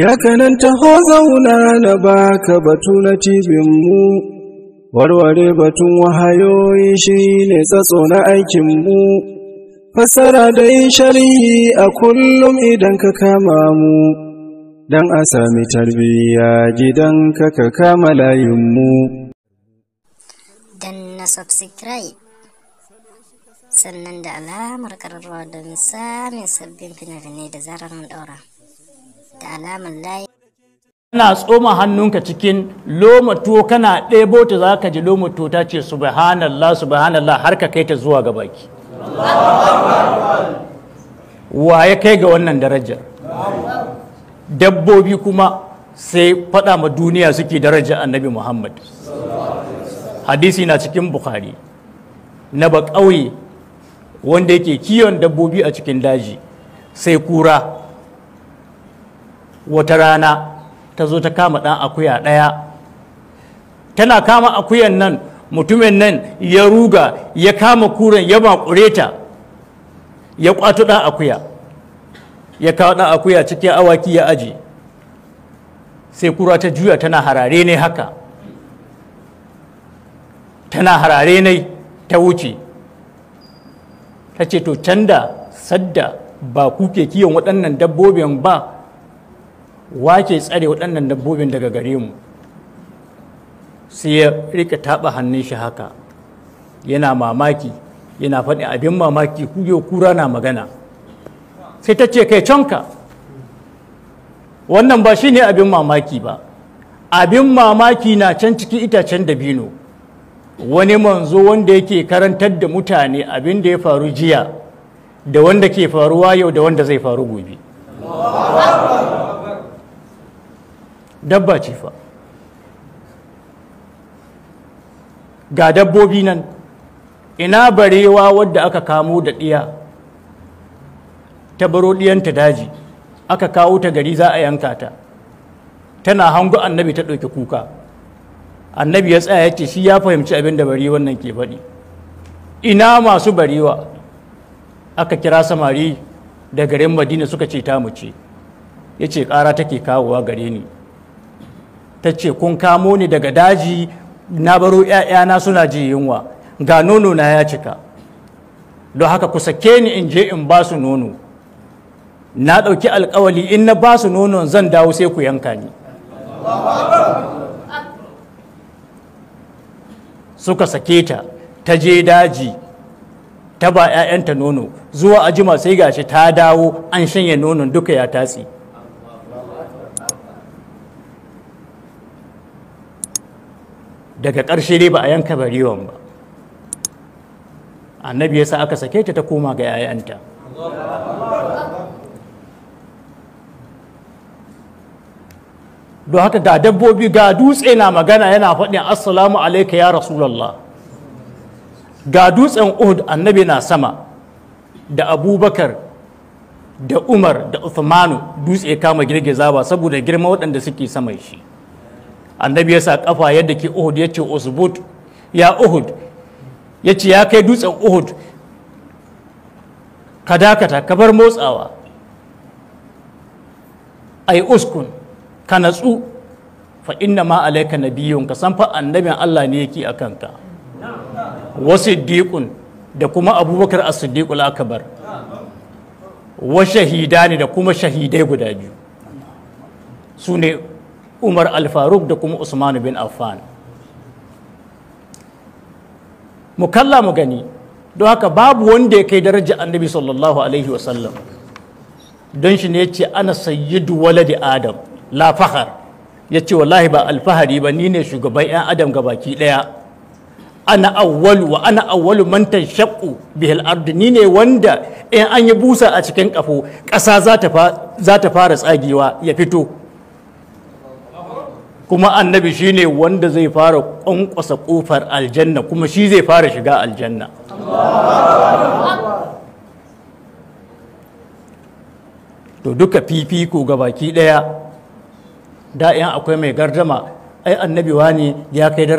ya kanan taho zauna na baka batu na mu. warware batun wahayoyi shi ne tsatso na aikinmu fassara da yin sharhi a kullum idan ka kama mu don a sami tarbiyya gidan ka ka kama layinmu don na subscribe sannan da alamar kararwa don samun sabbin fina da zarar mun daura kana tsoma hannunka cikin lomato kana ɗebo ta za ka ji lomato ta ce subhanallah subhanallah har ka kai ta zuwa ga baki wa ya kai ga wannan daraja dabbobi kuma sai faɗa ma duniya suke daraja annabi muhammad hadisi na cikin bukhari na ba ƙauye wanda yake kiyon dabbobi a cikin daji sai kura wata rana ta zo ta kama ɗan akuya ɗaya tana kama akuyan nan mutumin nan ya ruga ya kama kuren ya makure ta ya kwato ɗan akuya ya kawo ɗan akuya cikin awaki ya aji sai kura ta juya tana harare ne haka tana harare ne ta wuce ta ce to canda sadda ba kuke kiyon waɗannan dabbobin ba wake tsare waɗannan dabbobin daga gare mu sai ya rika taɓa hannun shi haka yana mamaki yana faɗi abin mamaki kuyo kura na magana sai ta ce kai canka wannan ba shi ne abin mamaki ba abin mamaki na can ciki itacen dabino wani manzo wanda yake karantar da mutane abin da ya faru jiya da wanda ke faruwa yau da wanda zai faru gobe dabba ce fa ga dabbobi nan ina barewa wadda aka kamo da ɗiya ta baro ɗiyanta daji aka kawo ta gari za a yanka ta tana hango annabi ta ɗauki kuka annabi ya tsaya ya ce shi ya fahimci abin da barewan nan ke faɗi ina masu barewa aka kira samari da garin madina suka ce ta mu ce ya ce ƙara take kawowa gare ni ta ce kun kamo ni daga daji na baro 'ya'yana suna ji yunwa ga nono na ya cika don haka ku sake ni in je in ba su nono na ɗauki alkawali in na ba su nonon zan dawo sai ku yanka ni suka sake ta ta je daji ta ba 'ya'yanta nono zuwa ajima sai gashi ta dawo an shanye nonon duka ya tatsi daga ƙarshe dai ba a yanka barewan ba annabi ya sa aka sake ta ta koma ga 'ya'yanta don haka ga dabbobi ga dutse na magana yana faɗin assalamu alaika ya rasulallah ga dutsen uhud annabi na sama da abubakar da umar da uthmanu dutse kama girgiza ba saboda girma waɗanda suke sama shi annabi ya sa kafa yadda ke uhud ya ce usbut ya uhud ya ce ya kai dutsen uhud ka dakata ka bar motsawa ai uskun ka natsu fa inna ma alaika nabiyun ka san fa annabin Allah ne yake a kanka wasu da kuma abubakar as-siddiqul akbar wa ne da kuma shahidai guda biyu su ne umar alfaruk da kuma usman bin affan mu kalla mu gani don haka babu wanda ya kai daraja annabi sallallahu alaihi wasallam don shi ne ya ce ana sayyidu waladi adam la fahar ya ce wallahi ba alfahari ba ni ne shugaban 'yan adam ga baki ɗaya ana awwalu wa ana awwalu man tanshaqu bihil ardi ni ne wanda in an yi busa a cikin kafo ƙasa za ta fara tsagewa ya fito kuma annabi shine wanda zai fara ƙwanƙwasa ƙofar aljanna kuma shi zai fara shiga aljanna to duka fifiko ga baki ɗaya da'yan akwai mai gardama ai annabi ne ya kai